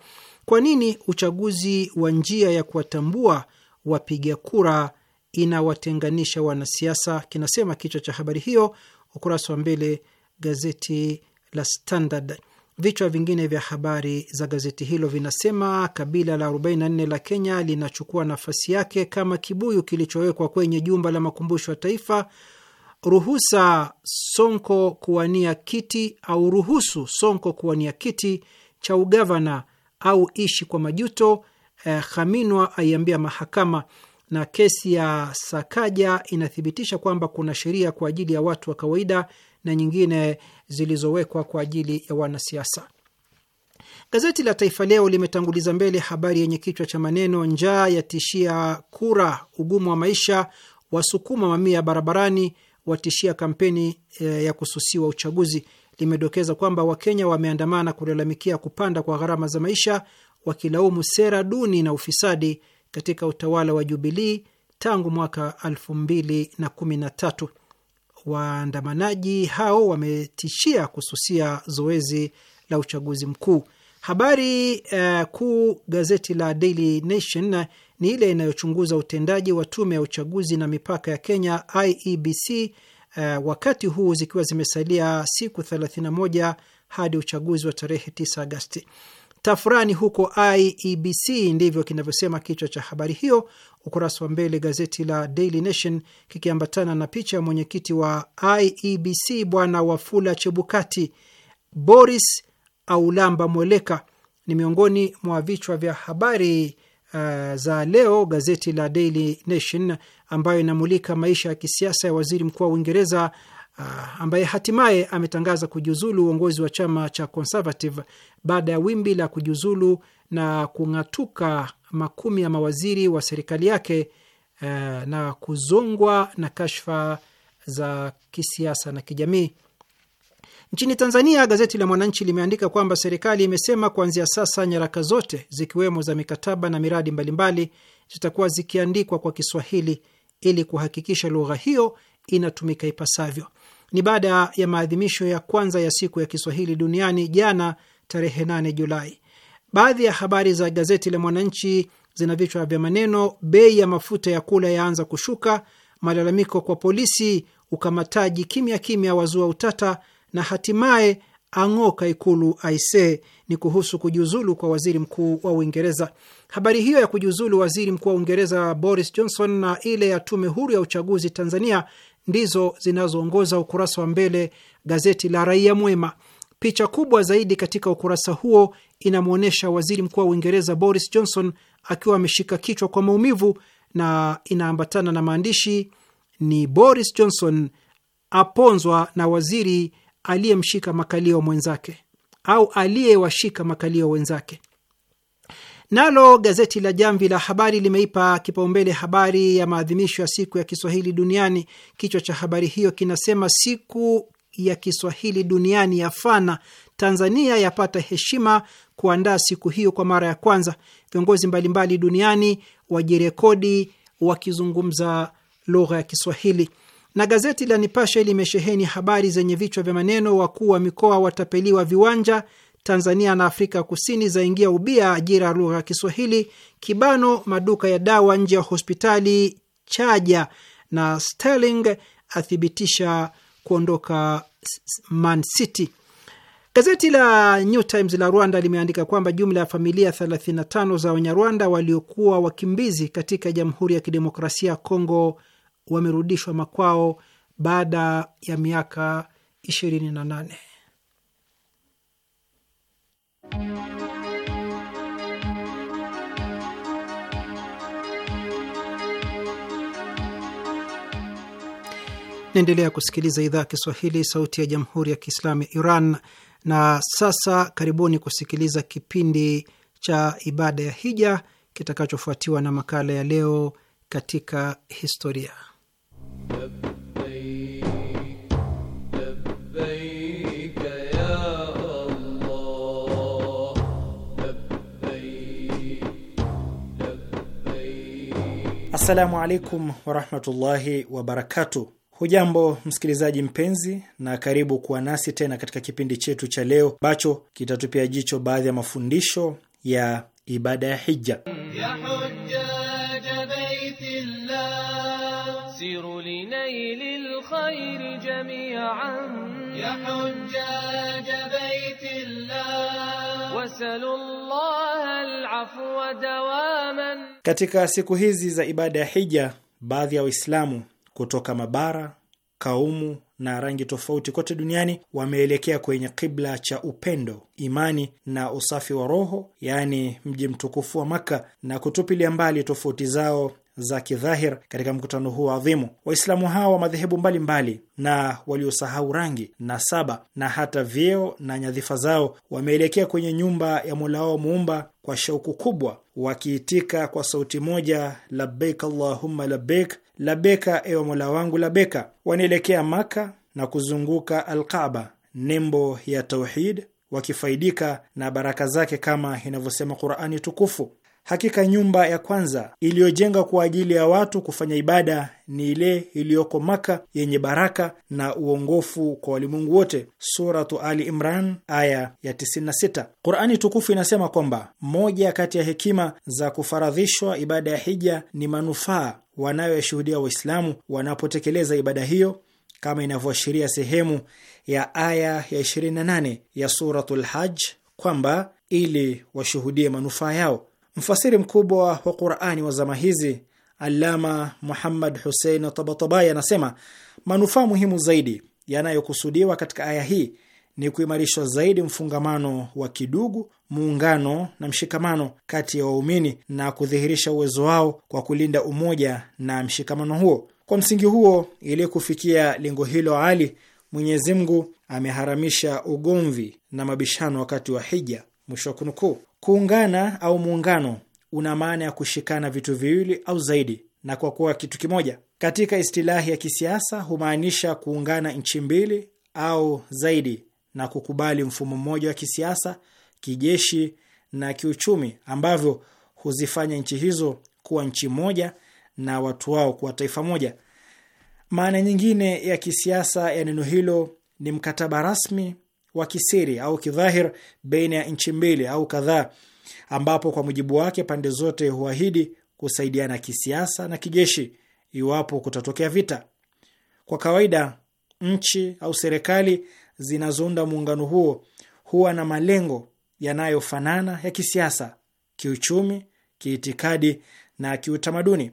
Kwa nini uchaguzi wa njia ya kuwatambua wapiga kura inawatenganisha wanasiasa? Kinasema kichwa cha habari hiyo, ukurasa wa mbele, gazeti la Standard. Vichwa vingine vya habari za gazeti hilo vinasema kabila la 44 la Kenya linachukua nafasi yake kama kibuyu kilichowekwa kwenye jumba la makumbusho ya taifa. Ruhusa Sonko kuwania kiti au ruhusu Sonko kuwania kiti cha ugavana au ishi kwa majuto. Eh, Khaminwa aiambia mahakama. Na kesi ya Sakaja inathibitisha kwamba kuna sheria kwa ajili ya watu wa kawaida na nyingine zilizowekwa kwa ajili ya wanasiasa. Gazeti la Taifa Leo limetanguliza mbele habari yenye kichwa cha maneno njaa yatishia kura, ugumu wa maisha wasukuma mamia barabarani watishia kampeni e, ya kususiwa uchaguzi. Limedokeza kwamba Wakenya wameandamana kulalamikia kupanda kwa gharama za maisha, wakilaumu sera duni na ufisadi katika utawala wa Jubilii tangu mwaka 2013 waandamanaji hao wametishia kususia zoezi la uchaguzi mkuu. Habari uh, kuu gazeti la Daily Nation ni ile inayochunguza utendaji wa tume ya uchaguzi na mipaka ya Kenya IEBC, uh, eh, wakati huu zikiwa zimesalia siku 31 hadi uchaguzi wa tarehe 9 Agasti tafurani huko IEBC, ndivyo kinavyosema kichwa cha habari hiyo, ukurasa wa mbele gazeti la Daily Nation kikiambatana na picha ya mwenyekiti wa IEBC Bwana Wafula Chebukati. Boris Aulamba Mweleka ni miongoni mwa vichwa vya habari uh, za leo gazeti la Daily Nation ambayo inamulika maisha ya kisiasa ya waziri mkuu wa Uingereza uh, ambaye hatimaye ametangaza kujiuzulu uongozi wa chama cha Conservative baada ya wimbi la kujiuzulu na kung'atuka makumi ya mawaziri wa serikali yake uh, na kuzongwa na kashfa za kisiasa na kijamii. Nchini Tanzania, gazeti la Mwananchi limeandika kwamba serikali imesema kuanzia sasa nyaraka zote zikiwemo za mikataba na miradi mbalimbali zitakuwa zikiandikwa kwa Kiswahili ili kuhakikisha lugha hiyo inatumika ipasavyo. Ni baada ya maadhimisho ya kwanza ya siku ya Kiswahili duniani jana tarehe 8 Julai. Baadhi ya habari za gazeti la Mwananchi zina vichwa vya maneno: bei ya mafuta ya kula yaanza kushuka, malalamiko kwa polisi, ukamataji kimya kimya wazua utata, na hatimaye ang'oka Ikulu aise. Ni kuhusu kujiuzulu kwa waziri mkuu wa Uingereza. Habari hiyo ya kujiuzulu waziri mkuu wa Uingereza Boris Johnson na ile ya tume huru ya uchaguzi Tanzania ndizo zinazoongoza ukurasa wa mbele gazeti la Raia Mwema. Picha kubwa zaidi katika ukurasa huo inamwonyesha waziri mkuu wa Uingereza Boris Johnson akiwa ameshika kichwa kwa maumivu na inaambatana na maandishi ni Boris Johnson aponzwa na waziri aliyemshika makalio mwenzake au aliyewashika makalio wenzake. Nalo gazeti la Jamvi la Habari limeipa kipaumbele habari ya maadhimisho ya siku ya Kiswahili duniani. Kichwa cha habari hiyo kinasema siku ya Kiswahili duniani ya fana Tanzania yapata heshima kuandaa siku hiyo kwa mara ya kwanza. Viongozi mbalimbali duniani wajirekodi wakizungumza lugha ya Kiswahili. Na gazeti la Nipashe limesheheni habari zenye vichwa vya maneno: wakuu wa mikoa watapeliwa viwanja, Tanzania na Afrika Kusini zaingia ubia ajira ya lugha ya Kiswahili, kibano maduka ya dawa nje ya hospitali chaja, na Sterling athibitisha kuondoka Man City. Gazeti la New Times la Rwanda limeandika kwamba jumla ya familia 35 za Wanyarwanda waliokuwa wakimbizi katika Jamhuri ya Kidemokrasia ya Kongo wamerudishwa makwao baada ya miaka 28. Naendelea kusikiliza idhaa ya Kiswahili, sauti ya jamhuri ya kiislamu ya Iran. Na sasa karibuni kusikiliza kipindi cha ibada ya hija kitakachofuatiwa na makala ya leo katika historia. Assalamu alaikum warahmatullahi wabarakatuh. Hujambo msikilizaji mpenzi, na karibu kuwa nasi tena katika kipindi chetu cha leo ambacho kitatupia jicho baadhi ya mafundisho ya ibada ya hija. Katika siku hizi za ibada ya hija, baadhi ya Waislamu kutoka mabara, kaumu na rangi tofauti kote duniani wameelekea kwenye kibla cha upendo, imani na usafi wa roho, yaani mji mtukufu wa Makka, na kutupilia mbali tofauti zao za kidhahir katika mkutano huo adhimu. Waislamu hao wa madhehebu mbalimbali na waliosahau rangi na saba na hata vyeo na nyadhifa zao wameelekea kwenye nyumba ya Mola wao muumba kwa shauku kubwa, wakiitika kwa sauti moja, labbeik allahumma labbeik, labeka ewe Mola wangu labeka. Wanaelekea Maka na kuzunguka alqaba nembo ya tauhid, wakifaidika na baraka zake kama inavyosema Qurani tukufu. Hakika nyumba ya kwanza iliyojenga kwa ajili ya watu kufanya ibada ni ile iliyoko Maka yenye baraka na uongofu kwa walimwengu wote. Suratu Ali Imran aya ya 96. Qurani tukufu inasema kwamba moja kati ya hekima za kufaradhishwa ibada ya hija ni manufaa wanayoyashuhudia Waislamu wanapotekeleza ibada hiyo kama inavyoashiria sehemu ya aya ya 28 ya Suratul Hajj kwamba ili washuhudie manufaa yao. Mfasiri mkubwa wa Qurani wa zama hizi alama Muhammad Husein Tabatabai anasema manufaa muhimu zaidi yanayokusudiwa katika aya hii ni kuimarishwa zaidi mfungamano wa kidugu, muungano na mshikamano kati ya waumini na kudhihirisha uwezo wao kwa kulinda umoja na mshikamano huo. Kwa msingi huo, ili kufikia lengo hilo ali, Mwenyezi Mungu ameharamisha ugomvi na mabishano wakati wa hija. Mwisho wa kunukuu. Kuungana au muungano una maana ya kushikana vitu viwili au zaidi na kwa kuwa kitu kimoja. Katika istilahi ya kisiasa humaanisha kuungana nchi mbili au zaidi na kukubali mfumo mmoja wa kisiasa, kijeshi na kiuchumi ambavyo huzifanya nchi hizo kuwa nchi moja na watu wao kuwa taifa moja. Maana nyingine ya kisiasa ya neno hilo ni mkataba rasmi wa kisiri au kidhahir baina ya nchi mbili au kadhaa, ambapo kwa mujibu wake pande zote huahidi kusaidiana kisiasa na kijeshi iwapo kutatokea vita. Kwa kawaida, nchi au serikali zinazounda muungano huo huwa na malengo yanayofanana ya kisiasa, kiuchumi, kiitikadi na kiutamaduni.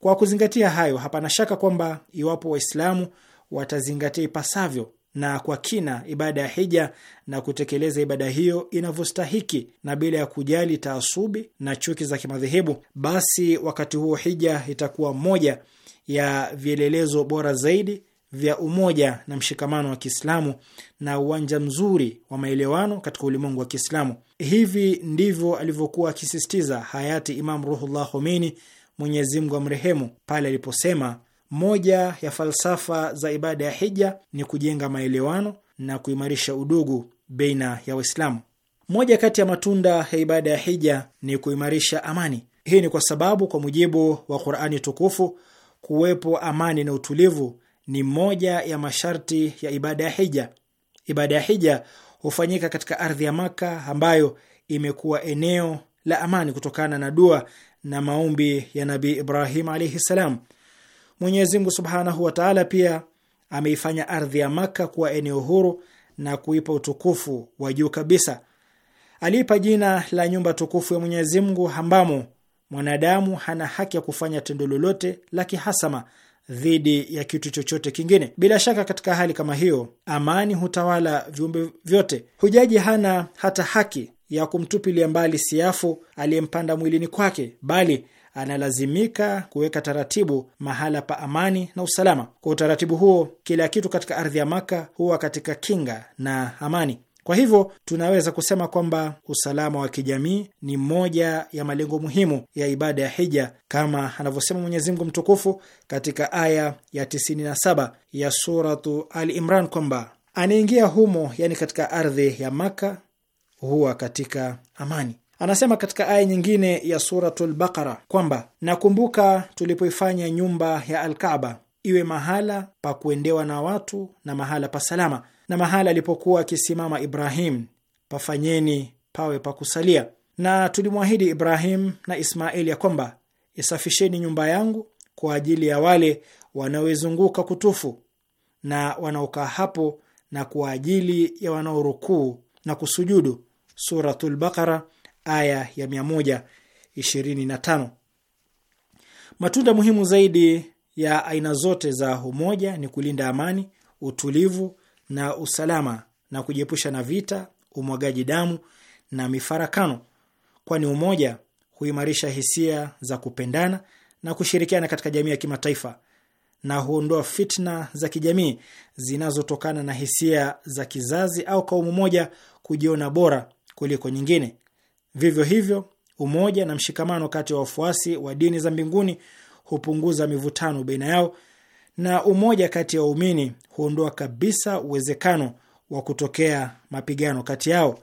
Kwa kuzingatia hayo, hapana shaka kwamba iwapo Waislamu watazingatia ipasavyo na kwa kina ibada ya hija na kutekeleza ibada hiyo inavyostahiki na bila ya kujali taasubi na chuki za kimadhehebu, basi wakati huo hija itakuwa moja ya vielelezo bora zaidi vya umoja na mshikamano wa Kiislamu na uwanja mzuri wa maelewano katika ulimwengu wa Kiislamu. Hivi ndivyo alivyokuwa akisisitiza hayati Imam Ruhullah Khomeini, Mwenyezi Mungu amrehemu, pale aliposema moja ya falsafa za ibada ya hija ni kujenga maelewano na kuimarisha udugu baina ya Waislamu. Moja kati ya matunda ya ibada ya hija ni kuimarisha amani. Hii ni kwa sababu, kwa mujibu wa Qur'ani tukufu, kuwepo amani na utulivu ni moja ya masharti ya ibada ya hija. Ibada ya hija hufanyika katika ardhi ya Maka ambayo imekuwa eneo la amani kutokana na dua na maombi ya Nabii Ibrahim alaihi salam. Mwenyezi Mungu subhanahu wa taala pia ameifanya ardhi ya Maka kuwa eneo huru na kuipa utukufu wa juu kabisa. Aliipa jina la nyumba tukufu ya Mwenyezi Mungu ambamo mwanadamu hana haki ya kufanya tendo lolote la kihasama dhidi ya kitu chochote kingine. Bila shaka, katika hali kama hiyo, amani hutawala viumbe vyote. Hujaji hana hata haki ya kumtupilia mbali siafu aliyempanda mwilini kwake, bali analazimika kuweka taratibu mahala pa amani na usalama. Kwa utaratibu huo, kila kitu katika ardhi ya Maka huwa katika kinga na amani. Kwa hivyo tunaweza kusema kwamba usalama wa kijamii ni moja ya malengo muhimu ya ibada ya hija, kama anavyosema Mwenyezi Mungu mtukufu katika aya ya 97 ya Suratu Al Imran kwamba anaingia humo, yani katika ardhi ya Maka huwa katika amani. Anasema katika aya nyingine ya Suratul Baqara kwamba nakumbuka tulipoifanya nyumba ya alkaba iwe mahala pa kuendewa na watu na mahala pa salama, na mahala alipokuwa akisimama Ibrahim pafanyeni pawe pa kusalia, na tulimwahidi Ibrahim na Ismaeli ya kwamba isafisheni nyumba yangu kwa ajili ya wale wanaoizunguka kutufu na wanaokaa hapo na kwa ajili ya wanaorukuu na kusujudu. Suratul Baqara aya ya 125. Matunda muhimu zaidi ya aina zote za umoja ni kulinda amani, utulivu na usalama na kujiepusha na vita, umwagaji damu na mifarakano, kwani umoja huimarisha hisia za kupendana na kushirikiana katika jamii ya kimataifa na huondoa fitna za kijamii zinazotokana na hisia za kizazi au kaumu moja kujiona bora kuliko nyingine. Vivyo hivyo, umoja na mshikamano kati ya wafuasi wa dini za mbinguni hupunguza mivutano baina yao, na umoja kati ya waumini huondoa kabisa uwezekano wa kutokea mapigano kati yao.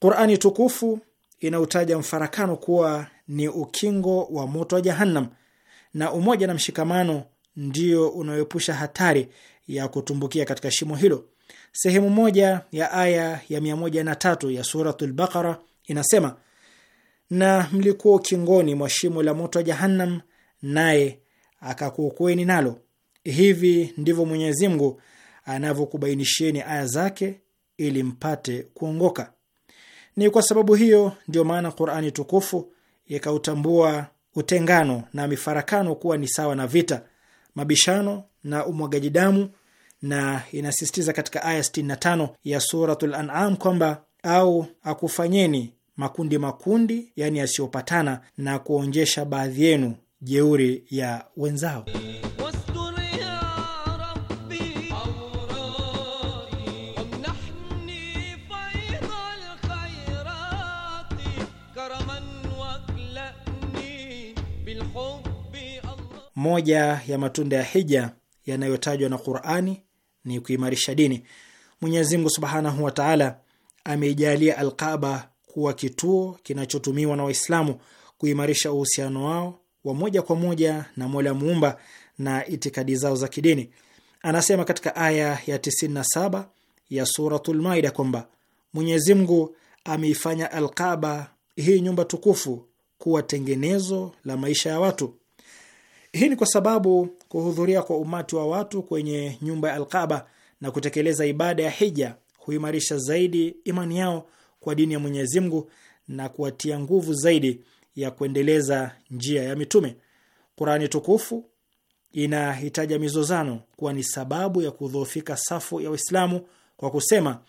Qurani tukufu inautaja mfarakano kuwa ni ukingo wa moto wa Jahannam, na umoja na mshikamano ndio unaoepusha hatari ya kutumbukia katika shimo hilo. Sehemu moja ya aya ya 103 ya Suratul Baqara inasema, na mlikuwa ukingoni mwa shimo la moto wa Jahannam, naye akakuokoeni nalo. Hivi ndivyo Mwenyezi Mungu anavyokubainisheni aya zake ili mpate kuongoka. Ni kwa sababu hiyo ndiyo maana Qur'ani tukufu ikautambua utengano na mifarakano kuwa ni sawa na vita, mabishano na umwagaji damu, na inasisitiza katika aya 65 ya Suratul An'am kwamba au akufanyeni makundi makundi, yaani yasiyopatana, na kuonjesha baadhi yenu jeuri ya wenzao. Moja ya matunda ya hija yanayotajwa na Qur'ani ni kuimarisha dini. Mwenyezi Mungu Subhanahu wa Ta'ala ameijalia alqaba kuwa kituo kinachotumiwa na Waislamu kuimarisha uhusiano wao wa moja kwa moja na Mola muumba na itikadi zao za kidini. Anasema katika aya ya 97 ya Suratul Maida kwamba Mwenyezi Mungu ameifanya Alkaba, hii nyumba tukufu, kuwa tengenezo la maisha ya watu. Hii ni kwa sababu kuhudhuria kwa umati wa watu kwenye nyumba ya Alkaba na kutekeleza ibada ya hija huimarisha zaidi imani yao kwa dini ya Mwenyezi Mungu na kuwatia nguvu zaidi ya kuendeleza njia ya mitume. Qurani tukufu inahitaja mizozano kuwa ni sababu ya kudhoofika safu ya Waislamu kwa kusema,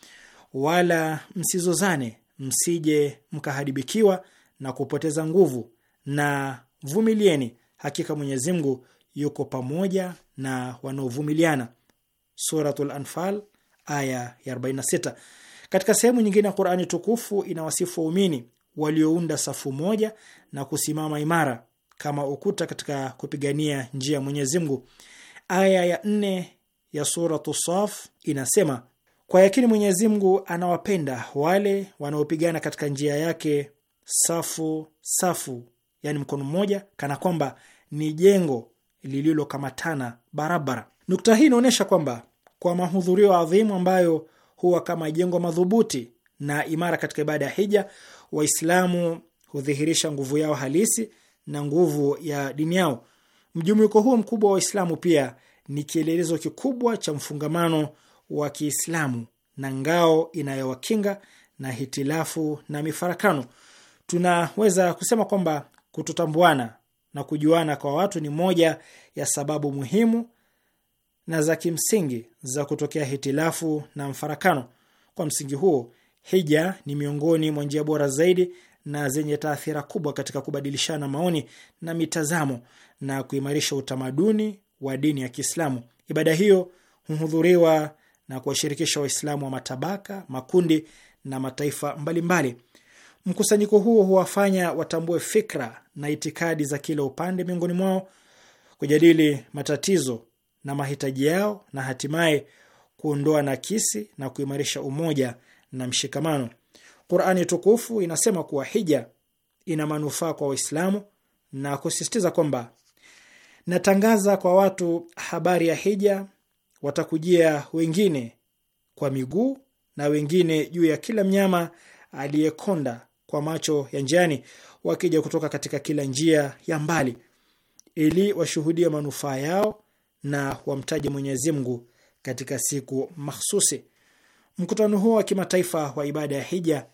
wala msizozane, msije mkaharibikiwa na kupoteza nguvu, na vumilieni, hakika Mwenyezi Mungu yuko pamoja na wanaovumiliana. Suratul Anfal aya ya 46. Katika sehemu nyingine ya Qurani tukufu inawasifu waumini waliounda safu moja na kusimama imara kama ukuta katika kupigania njia ya Mwenyezi Mungu. Aya ya nne ya Suratu Saf inasema, kwa yakini Mwenyezi Mungu anawapenda wale wanaopigana katika njia yake safu safu, yani mkono mmoja, kana kwamba ni jengo lililokamatana barabara. Nukta hii inaonyesha kwamba kwa mahudhurio adhimu ambayo huwa kama jengo madhubuti na imara katika ibada ya hija. Waislamu hudhihirisha nguvu yao halisi na nguvu ya dini yao. Mjumuiko huo mkubwa wa Waislamu pia ni kielelezo kikubwa cha mfungamano wa Kiislamu na ngao inayowakinga na hitilafu na mifarakano. Tunaweza kusema kwamba kutotambuana na kujuana kwa watu ni moja ya sababu muhimu na za kimsingi za kutokea hitilafu na mfarakano. Kwa msingi huo, hija ni miongoni mwa njia bora zaidi na zenye taathira kubwa katika kubadilishana maoni na mitazamo na kuimarisha utamaduni wa dini ya Kiislamu. Ibada hiyo huhudhuriwa na kuwashirikisha Waislamu wa matabaka, makundi na mataifa mbalimbali. Mkusanyiko huo huwafanya watambue fikra na itikadi za kila upande miongoni mwao, kujadili matatizo na mahitaji yao na hatimaye kuondoa nakisi na kuimarisha umoja na mshikamano. Qurani tukufu inasema kuwa hija ina manufaa kwa Waislamu na kusisitiza kwamba natangaza kwa watu habari ya hija, watakujia wengine kwa miguu na wengine juu ya kila mnyama aliyekonda kwa macho ya njiani, wakija kutoka katika kila njia ya mbali, ili washuhudie manufaa yao na wamtaje Mwenyezi Mungu katika siku mahsusi. Mkutano huo wa kimataifa wa ibada ya hija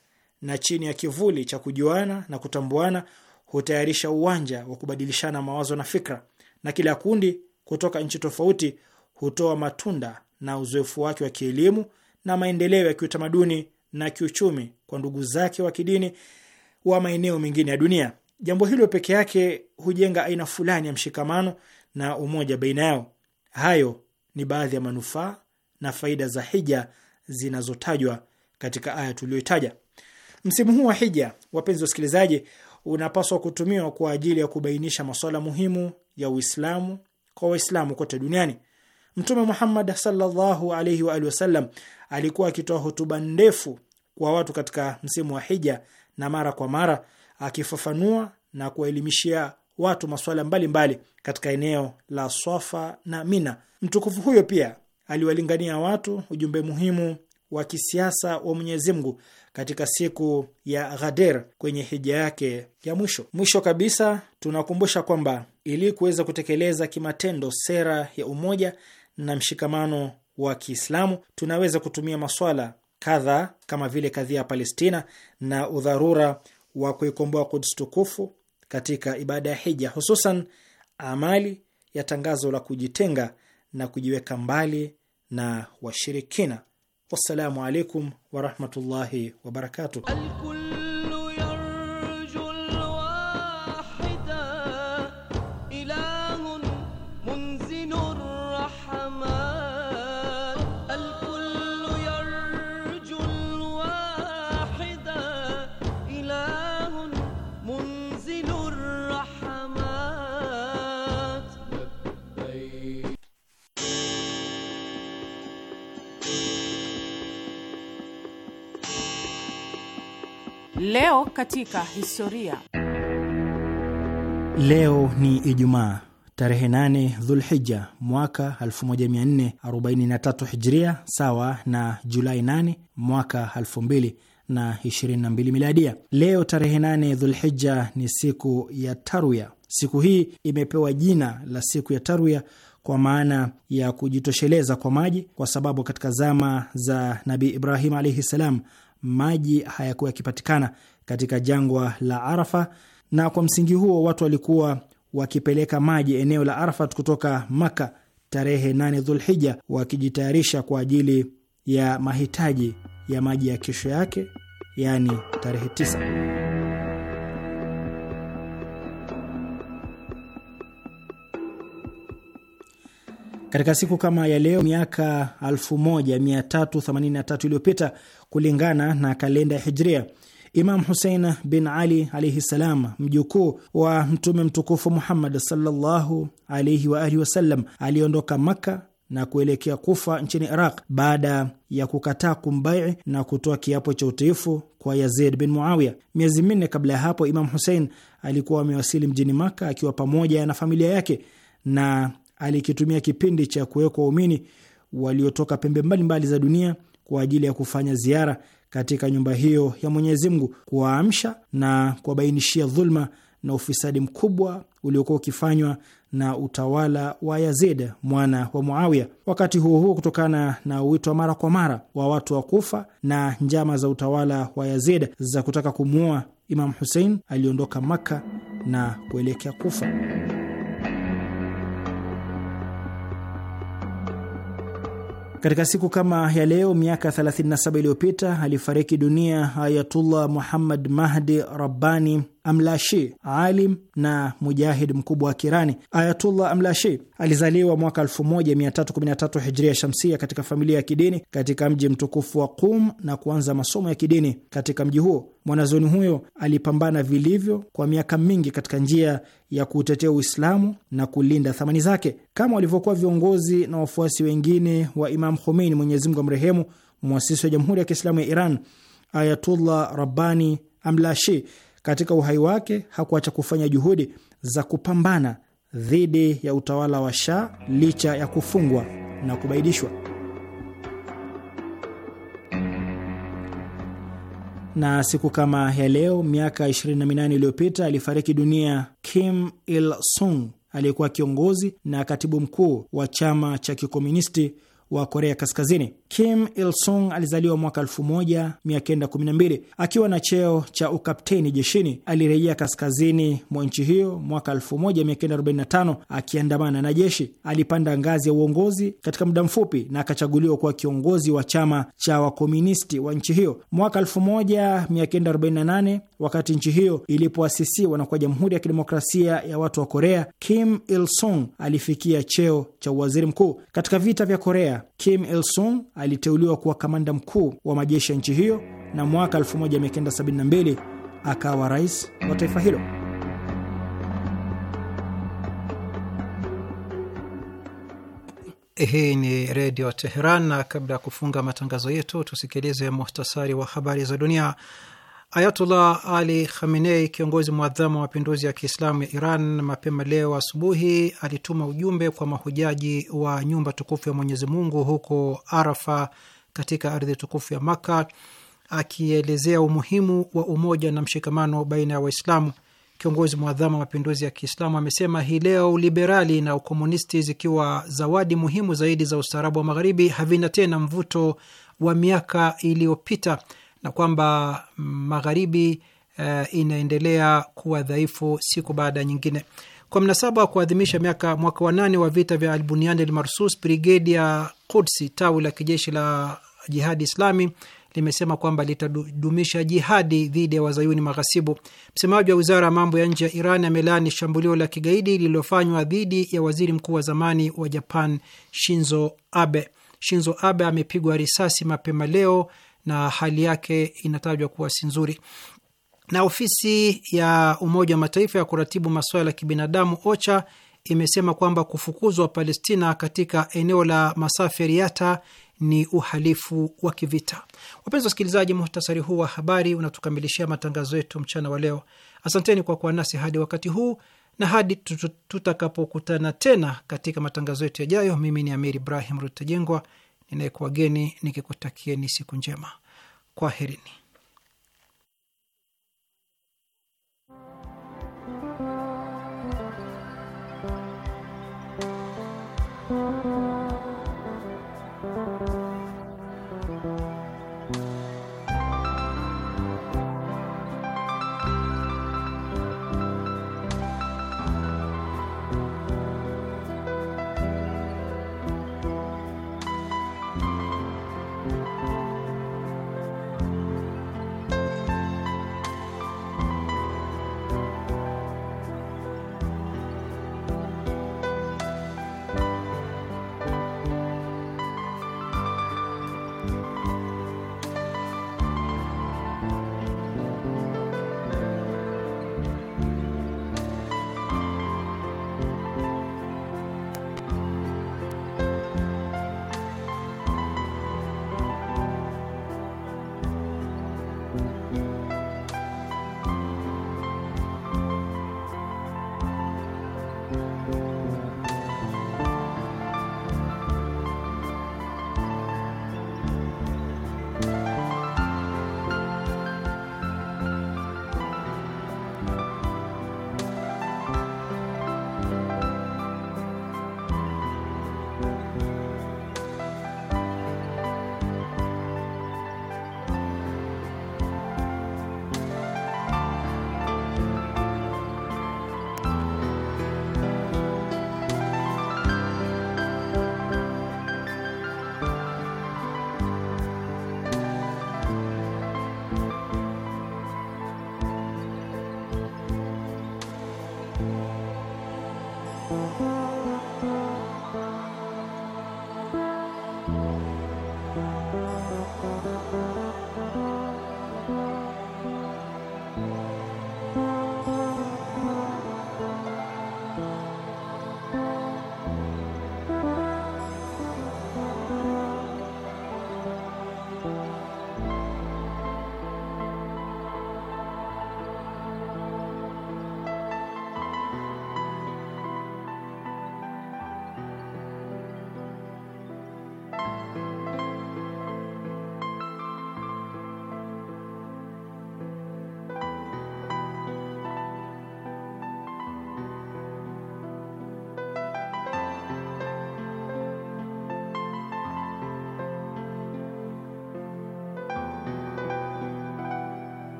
na chini ya kivuli cha kujuana na kutambuana hutayarisha uwanja wa kubadilishana mawazo na fikra, na kila kundi kutoka nchi tofauti hutoa matunda na uzoefu wake wa kielimu na maendeleo ya kiutamaduni na kiuchumi kwa ndugu zake wa kidini wa maeneo mengine ya dunia. Jambo hilo peke yake hujenga aina fulani ya mshikamano na umoja baina yao. Hayo ni baadhi ya manufaa na faida za hija zinazotajwa katika aya tuliyoitaja. Msimu huu wa hija, wapenzi wa wasikilizaji, unapaswa kutumiwa kwa ajili ya kubainisha masuala muhimu ya Uislamu kwa Waislamu kote duniani. Mtume Muhammad sallallahu alaihi wa alihi wasallam alikuwa akitoa hotuba ndefu kwa watu katika msimu wa hija, na mara kwa mara akifafanua na kuwaelimishia watu masuala mbalimbali katika eneo la Swafa na Mina. Mtukufu huyo pia aliwalingania watu ujumbe muhimu wa kisiasa wa Mwenyezi Mungu katika siku ya Ghadir kwenye hija yake ya mwisho. Mwisho kabisa, tunakumbusha kwamba ili kuweza kutekeleza kimatendo sera ya umoja na mshikamano wa Kiislamu, tunaweza kutumia maswala kadhaa kama vile kadhia ya Palestina na udharura wa kuikomboa Kuds tukufu katika ibada ya hija, hususan amali ya tangazo la kujitenga na kujiweka mbali na washirikina. Wassalamu alaikum warahmatullahi wabarakatuh. Leo katika historia. Leo ni Ijumaa tarehe 8 Dhulhija mwaka 1443 Hijria, sawa na Julai 8 mwaka 22 Miladia. Leo tarehe 8 Dhulhija ni siku ya Tarwia. Siku hii imepewa jina la siku ya Tarwia kwa maana ya kujitosheleza kwa maji, kwa sababu katika zama za Nabii Ibrahim alaihi ssalam maji hayakuwa yakipatikana, katika jangwa la Arafa, na kwa msingi huo watu walikuwa wakipeleka maji eneo la Arafat kutoka Maka tarehe 8 Dhulhija, wakijitayarisha kwa ajili ya mahitaji ya maji ya kesho yake, yaani tarehe 9. Katika siku kama ya leo miaka 1383 iliyopita kulingana na kalenda ya Hijria, Imam Husein bin Ali alaihi ssalam, mjukuu wa Mtume mtukufu Muhammad sallallahu alaihi wa alihi wasallam, aliondoka Makka na kuelekea Kufa nchini Iraq baada ya kukataa kumbai na kutoa kiapo cha utiifu kwa Yazid bin Muawiya. Miezi minne kabla ya hapo, Imam Husein alikuwa amewasili mjini makka akiwa pamoja na familia yake, na alikitumia kipindi cha kuwekwa waumini waliotoka pembe mbalimbali mbali za dunia kwa ajili ya kufanya ziara katika nyumba hiyo ya Mwenyezi Mungu, kuwaamsha na kuwabainishia dhulma na ufisadi mkubwa uliokuwa ukifanywa na utawala wa Yazid mwana wa Muawiya. Wakati huo huo, kutokana na wito wa mara kwa mara wa watu wa Kufa na njama za utawala wa Yazid za kutaka kumuua Imam Husein, aliondoka Makka na kuelekea Kufa. Katika siku kama ya leo miaka 37 iliyopita alifariki dunia Ayatullah Muhammad Mahdi Rabbani Amlashi, alim na mujahid mkubwa wa Kirani. Ayatullah Amlashi alizaliwa mwaka 1313 hijria shamsia katika familia ya kidini katika mji mtukufu wa Qum na kuanza masomo ya kidini katika mji huo. Mwanazoni huyo alipambana vilivyo kwa miaka mingi katika njia ya kuutetea Uislamu na kulinda thamani zake, kama walivyokuwa viongozi na wafuasi wengine wa Imam Khomeini, Mwenyezi Mungu amrehemu, mwasisi wa Jamhuri ya Kiislamu ya Iran. Ayatullah Rabbani Amlashi katika uhai wake hakuacha kufanya juhudi za kupambana dhidi ya utawala wa Shah licha ya kufungwa na kubaidishwa. Na siku kama ya leo miaka 28 iliyopita alifariki dunia Kim Il Sung aliyekuwa kiongozi na katibu mkuu wa chama cha kikomunisti wa Korea Kaskazini. Kim Il Sung alizaliwa mwaka 1912. Akiwa na cheo cha ukapteni jeshini, alirejea kaskazini mwa nchi hiyo mwaka 1945 akiandamana na jeshi. Alipanda ngazi ya uongozi katika muda mfupi na akachaguliwa kuwa kiongozi wa chama cha wakomunisti wa nchi hiyo mwaka 1948. Wakati nchi hiyo ilipoasisiwa na kuwa Jamhuri ya Kidemokrasia ya Watu wa Korea, Kim Il Sung alifikia cheo cha uwaziri mkuu. Katika vita vya Korea Kim Il Sung aliteuliwa kuwa kamanda mkuu wa majeshi ya nchi hiyo na mwaka 1972 akawa rais wa taifa hilo. Hii ni Redio Teheran, na kabla ya kufunga matangazo yetu, tusikilize muhtasari wa habari za dunia. Ayatullah Ali Khamenei, kiongozi mwadhamu wa mapinduzi ya Kiislamu ya Iran, mapema leo asubuhi alituma ujumbe kwa mahujaji wa nyumba tukufu ya Mwenyezi Mungu huko Arafa katika ardhi tukufu ya makka akielezea umuhimu wa umoja na mshikamano baina ya Waislamu. Kiongozi mwadhamu wa mapinduzi ya Kiislamu amesema hii leo uliberali na ukomunisti, zikiwa zawadi muhimu zaidi za ustaarabu wa Magharibi, havina tena mvuto wa miaka iliyopita na kwamba magharibi uh, inaendelea kuwa dhaifu siku baada ya nyingine. Kwa mnasaba wa kuadhimisha miaka mwaka wa nane wa vita vya Albuniani Almarsus, brigedi ya Kudsi, tawi la kijeshi la Jihadi Islami limesema kwamba litadumisha jihadi dhidi ya wazayuni maghasibu. Msemaji wa wizara ya mambo ya nje ya Iran amelaani shambulio la kigaidi lililofanywa dhidi ya waziri mkuu wa zamani wa Japan Shinzo Abe. Shinzo Abe amepigwa risasi mapema leo na hali yake inatajwa kuwa si nzuri. Na ofisi ya Umoja wa Mataifa ya kuratibu masuala ya kibinadamu OCHA imesema kwamba kufukuzwa Palestina katika eneo la Masaferiata ni uhalifu wa kivita. Wapenzi wasikilizaji, muhtasari huu wa habari unatukamilishia matangazo yetu mchana wa leo. Asanteni kwa kuwa nasi hadi wakati huu na hadi tutakapokutana tena katika matangazo yetu yajayo. Mimi ni Amir Ibrahim Rutajengwa Ninayekuwageni nikikutakieni siku njema, kwaherini.